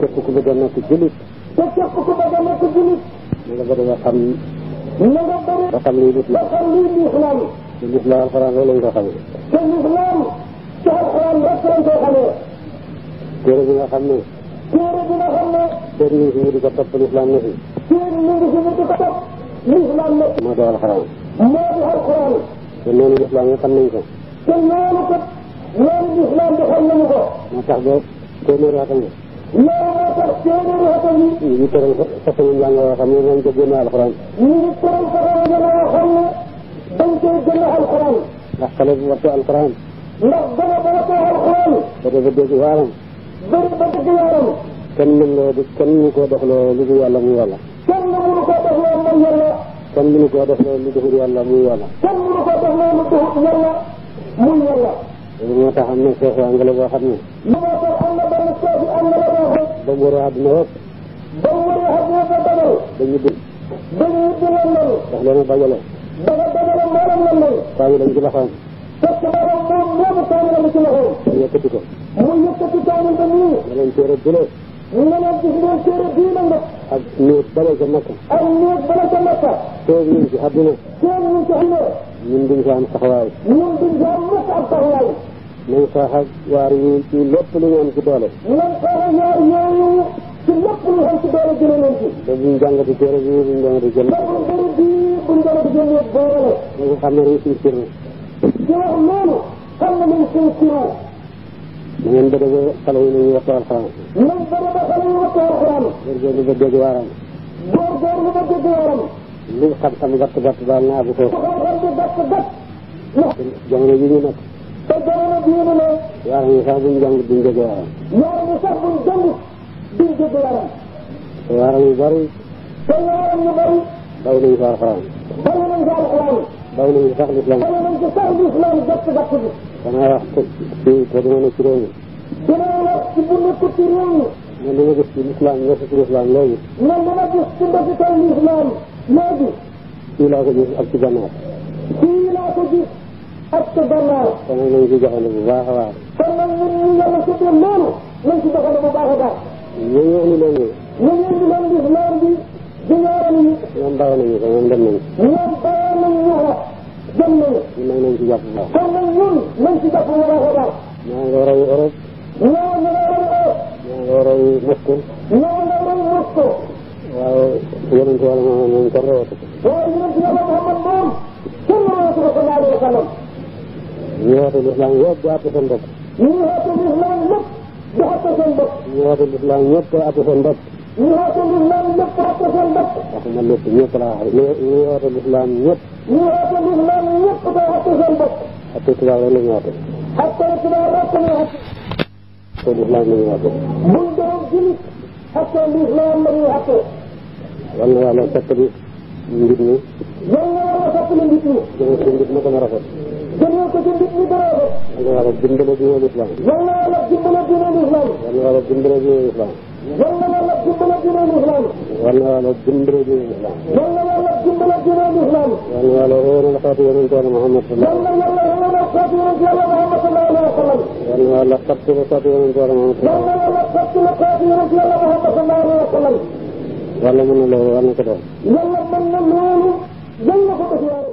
képp ku bëgg a nekk jullit. te képp ku bëgg a nekk jullit. na nga bëri nga xam. na nga bëri nga xam lii lislaam. nga xam lii lislaam. te lislaam alxuraan rek lañ ko xamee. te lislaam ci alxuraan rek lañ ko xamee. téere bi nga xam ne. téere bi nga xam ne. téere ñu ngi fi wuti ko topp lislaam na fi. téere ñu ngi fi wuti ko topp lislaam na fi. moo di alxuraan. moo di alxuraan. te noonu lislaam yi xam nañ ko. te noonu kat loolu lislaam bi xam nañu ko. moo tax ba téeméeri atam nga. looloo tax téeméeri xatam yi. ñu ngi tëral ko façon jàng yoo xam ne dañ ko génne alxuraan. ñu ngi tëral façon jàng yoo xam ne dañ koy génne alxuraan. ndax xale bu wattu alxuraan. ndax dana ba wattu alxuraan. ba dafa dégg waaram. bëri ba dégg waaram. kenn mën loo di kenn mënu koo doxloo lu dul yàlla muy yàlla. kenn mënu koo doxloo mooy yàlla. kenn mënu koo doxloo lu dul yàlla muy yàlla. kenn mënu koo doxloo lu dul yàlla muy yàlla. loolu moo tax am na seexu angale boo xam ne. ba mu war a àdduna yëpp. ba mu war a àdduna fa dajal. ba ñibbi. ba ñibbi lan lan. ndax leen a dajale. dafa dajale maanaam lan lan. saawi lañ ci loxoom. fekk maanaam moom moomu saawi lañ ci loxoom. mu yëkkati ko. mu yëkkati saawi ba nii. nga leen téere bu lee. nga leen gis ne téere bii la nga. ak néeg bala ca nekk. ak néeg bala ca nekk. toog ñu ci àdduna. toog ñu ci àdduna. ñun duñ fa am taxawaay. ñun duñ fa am mukk ab taxawaay. nañ xeex ak waar yi ci lépp lu ngeen ci doole. nañ xeex ak waar yooyu ci lépp lu ngeen ci doole jëlee leen ci. ba buñ jàngati téere bi buñ jàngati jël. ba buñ bii buñ jàngati jël yëpp boole. ñu ngi xam ne dañ siy firnde. di wax noonu xam ne dañ siy firnde. na ngeen ba dëgg xale yi nañu waxtu alxuraan. nañ ba dëgg xale yi waxtu alxuraan. góorgóorlu ba dégg waaram. góorgóorlu ba dégg waaram. li xam-xam gàtt gàtt daal naa bu ko. xam-xam bi gàtt gàtt. jamono yi ñu nekk. te jamono bii mu ne. yaram yi sax buñ jàng duñ dégg yaram. yaram yi sax buñ jàng duñ dégg yaram. te yaram yu bari. te yaram yu bari. daw nañ ko alxuraan. daw nañ ko alxuraan. daw nañ ko sax lislaam. daw nañ ko sax lislaam gàtt gàtt bi. damay wax te ci te dama ne ci réew mi. damay wax ci bu nekk ci réew mi. man dama gis ci lislaam nekk ci lislaam léegi. man dama gis ci ndekkital lislaam léegi. fii laa ko gis ak ci gànnaar. fii laa ko gis. ak gannaaw. kon nag nañ ci joxale bu baax a baax. kon nag ñun ñu yàlla sotee loolu nañ ci joxale bu baax a baax. ñoo ñoo ñu leen ñu. ñoo ñoo ñu leen di loolu bi di ñooroon ñu. ñoom bàyyi nañu ko ñoom dem nañu. ñoom bàyyi nañu ñu ko dem nañu. ñu nag nañ ci jàpp bu baax. kon nag ñun nañ ci jàpp bu baax a baax. ñoo nga roy Europe. ñoo nga roy Europe. ñoo nga roy Moscou. ñoo nga roy Moscou. waaw yonent wala moom moom kenn rawatu ko. waaw yonent yàlla Muhammad moom kenn rawatu ko sallallahu alayhi wa sallam ñu woote lislaam yëpp di àtte seen bopp. ñu woote lislaam yëpp di àtte seen bopp. ñu woote lislaam yëpp di àtte seen bopp. ñu woote lislaam yëpp di àtte seen bopp. waxuma lépp ñëpp laa wax ñu woote lislaam ñëpp. ñu woote lislaam ñëpp di àtte seen bopp. àtte tubaab rek la ñu woote. àtte tubaab rek la ñu woote. àtte lislaam la ñu woote. buñ doon jullit àtte lislaam la ñu woote. war na yàlla fekk ni mbir mi. war na yàlla fekk ni mbir mi. dama ko mbir ma ko ma rafet. ko ci nit ñi dara ko. yal na yàlla dimbale diine l'islam. yal na yàlla dimbale diine l'islam. yal na yàlla dimbale diine l'islam. yal na yàlla dimbale diine l'islam. yal na yàlla dimbale diine l'islam. yal na yàlla dimbale diine l'islam. yal na yàlla xéewal xaatu yonent yàlla Muhammad sallallahu alayhi wa sallam. yal na yàlla xéewal xaatu yonent yàlla Muhammad sallallahu alayhi wa sallam. yal na yàlla xattula xaatu yonent yàlla Muhammad sallallahu alayhi wa sallam. yal na yàlla xattula xaatu yonent yàlla Muhammad sallallahu alayhi wa sallam. yàlla mën na loolu war na ko doon. yàlla mën na loolu yàlla ko def